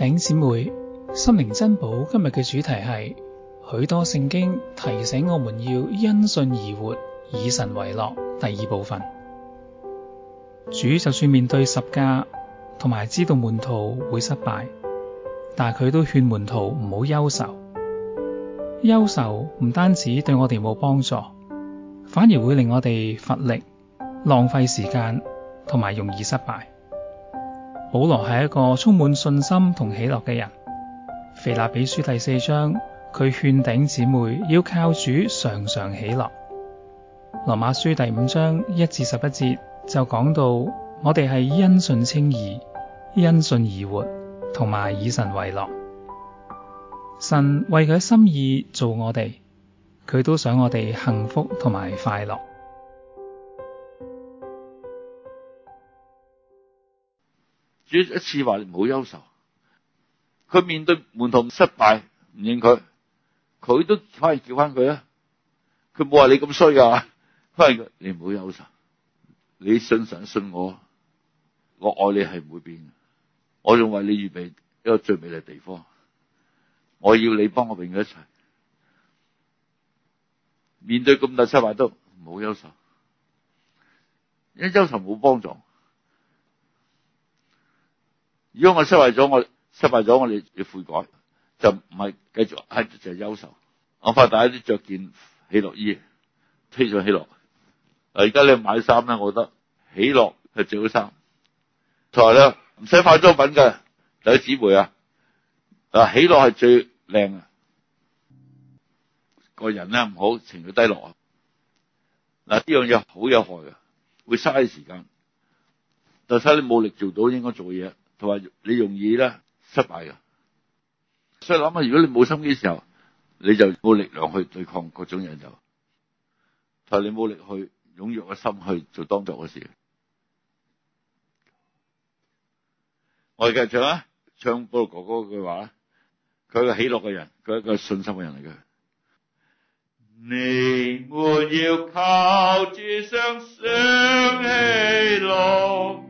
弟兄姊妹，心靈珍寶今日嘅主題係許多聖經提醒我們要因信而活，以神為樂。第二部分，主就算面對十架，同埋知道門徒會失敗，但佢都勸門徒唔好憂愁。憂愁唔單止對我哋冇幫助，反而會令我哋乏力、浪費時間同埋容易失敗。保羅係一個充滿信心同喜樂嘅人。腓立比書第四章，佢勸頂姊妹要靠主常常喜樂。羅馬書第五章一至十一節就講到，我哋係因信稱義、因信而活，同埋以神為樂。神為佢心意做我哋，佢都想我哋幸福同埋快樂。主一次話你唔好憂愁，佢面對門徒失敗唔認佢，佢都反而叫翻佢啊！佢冇話你咁衰啊，反而你唔好憂愁，你信神信我，我愛你係唔會變，我仲為你預備一個最美麗嘅地方，我要你幫我永遠一齊面對咁大失敗都唔好憂愁，因為憂愁冇幫助。如果我失敗咗，我失敗咗，我哋要悔改，就唔係繼續係就係、是、憂愁。我發大家啲着件喜樂衣，披咗喜樂。嗱，而家你買衫咧，我覺得喜樂係最好衫。同埋咧，唔使化妝品嘅，有姊妹啊，嗱，喜樂係最靚啊。個人咧唔好情緒低落啊。嗱，呢樣嘢好有害嘅，會嘥時間，但使你冇力做到應該做嘢。同埋你容易啦失敗嘅，所以諗下，如果你冇心機嘅時候，你就冇力量去對抗各種引誘，同你冇力去踴躍嘅心去做當作嘅事。我哋繼續啊，唱嗰個哥哥嗰句話啦，佢係個喜樂嘅人，佢係個信心嘅人嚟嘅。你們要靠主常常喜樂。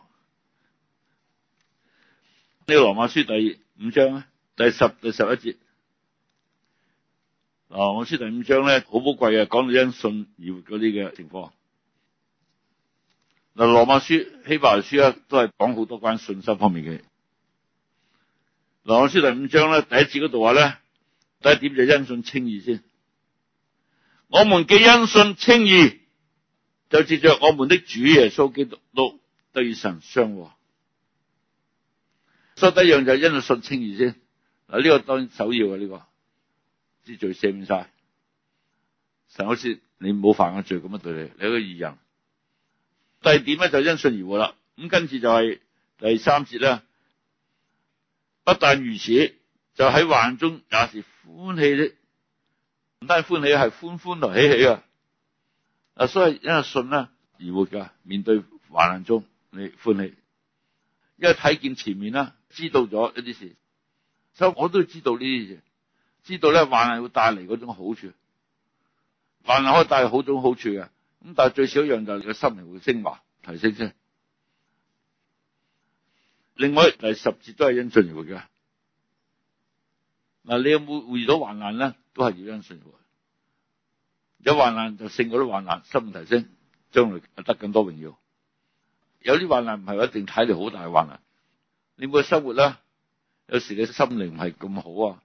呢、這個、羅馬書第五章啊，第十、第十一節嗱，羅馬書第五章咧，好寶貴嘅，講到因信而活嗰啲嘅情況。嗱，羅馬書、希伯來書咧都係講好多關信心方面嘅。羅馬書第五章咧第，第一節嗰度話咧，第一點就因信稱義先。我們嘅因信稱義，就藉着我們的主耶穌基督得與神相和。所以第一樣就因信稱義先嗱，呢、這個當然首要啊呢、這個知罪赦免晒，神好似你冇犯嘅罪咁樣對你，你一個義人。第二點咧就因信而活啦，咁跟住就係第三節啦。不但如此，就喺患難中也是歡喜的，唔單歡,歡喜係歡歡來喜喜啊。啊，所以因信啦而活噶，面對患難中你歡喜。一睇見前面啦，知道咗一啲事，所以我都知道呢啲事，知道咧患難會帶嚟嗰種好處，患難可以帶嚟好多種好處嘅。咁但係最少一樣就係你嘅心靈會升華提升先。另外第十節都係因信而活嘅。嗱，你有冇遇到患難咧？都係要因信而活。有患難就勝過都患難，心提升，將來就得更多榮耀。有啲患難唔係話一定睇嚟，好大患難，你每個生活啦，有時你心靈唔係咁好啊，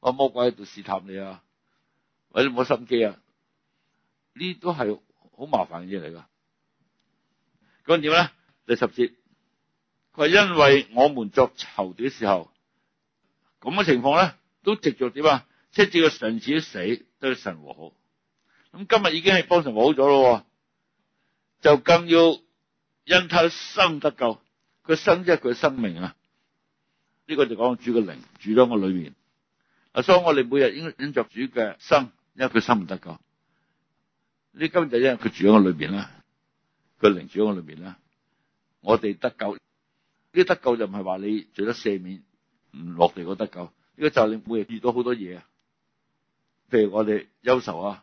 我、哦、魔鬼喺度試探你啊，或者冇心機啊，都呢都係好麻煩嘅嘢嚟噶。咁點咧？第十節，佢話，因為我們作仇敵嘅時候，咁嘅情況咧，都直着點啊？即使個神子死，對神和好，咁今日已經係幫神和好咗咯，就更要。因他生不得救，佢生即係佢嘅生命啊！呢、呢個就講主嘅靈住咗我裏面啊，所以我哋每日應應着主嘅生，因為佢生唔得救。呢根今日因為佢住喺我裏面啦，佢靈住喺我裏面啦，我哋得救呢？呢個、得救就唔係話你做咗赦免唔落地嗰得救呢？呢個就係你每日遇到好多嘢啊，譬如我哋憂愁啊，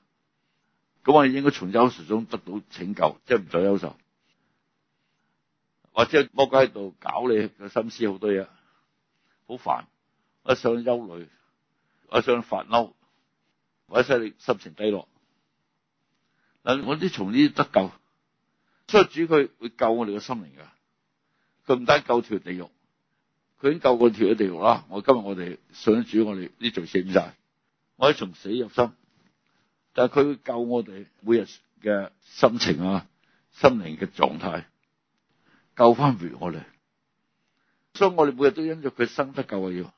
咁我哋應該從憂愁中得到拯救，即係唔再憂愁。或者魔鬼喺度搞你嘅心思很多東西，好多嘢，好煩，我想憂慮，我想發嬲，或者，想你，或者，想你，或者想你心情低落。嗱，我啲從呢啲得救，所以主佢會救我哋嘅心靈噶，佢唔單救條地獄，佢已經救過條嘅地獄啦。我今日我哋想要主我哋呢罪赦免晒，我哋從死，死入生，但係佢會救我哋每日嘅心情啊，心靈嘅狀態。救翻回我哋，所以我哋每日都因着佢生得救啊要，啊、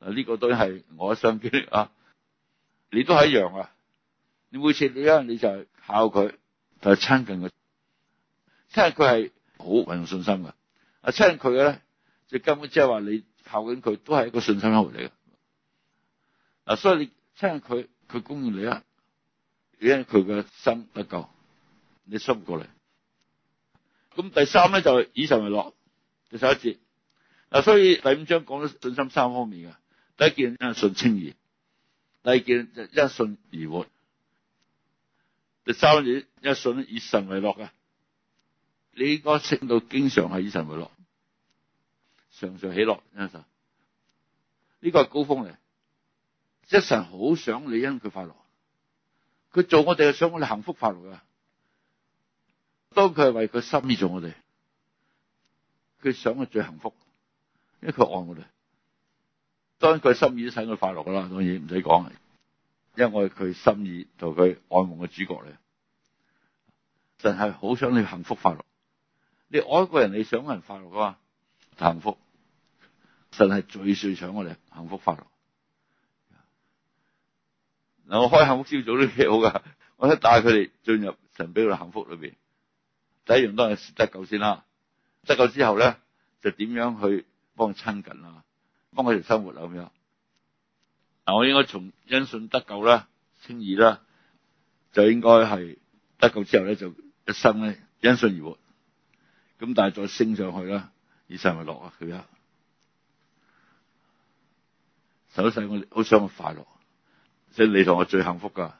這、呢個都係我嘅叫你啊，你都係一樣啊，你每次你因為你就係靠佢，但係親近佢，親近佢係好運用信心噶，啊親近佢咧就根本即係話你靠近佢都係一個信心生活嚟嘅。啊所以你親近佢，佢供應你啊，因為佢嘅生得救，你收過嚟。咁第三咧就係以神為樂，就十一節嗱，所以第五章講咗信心三方面嘅，第一件因信稱義，第二件就因信而活，第三點因信以神為樂嘅，你應該聽到經常係以神為樂，常常喜樂因神，呢、這個係高峰嚟，一神好想你因佢快樂，佢做我哋係想我哋幸福快樂嘅。當佢係為佢心意做我哋，佢想佢最幸福，因為佢愛我哋。當佢心意使佢快樂噶啦，當然唔使講，因為佢心意同佢愛慕嘅主角嚟，真係好想你幸福快樂。你愛一個人，你想人快樂噶嘛？幸福，真係最最想我哋幸福快樂。嗱，我開幸福朝早都幾好噶，我一帶佢哋進入神俾我幸福裏邊。第一樣都係得救先啦，得救之後咧就點樣去幫佢親近啦，幫佢哋生活啊咁樣。嗱，我應該從因信得救啦，稱義啦，就應該係得救之後咧就一生咧因信而活。咁但係再升上去啦，以神為樂啊，佢啊，首先我好想我快樂，即係你同我最幸福噶。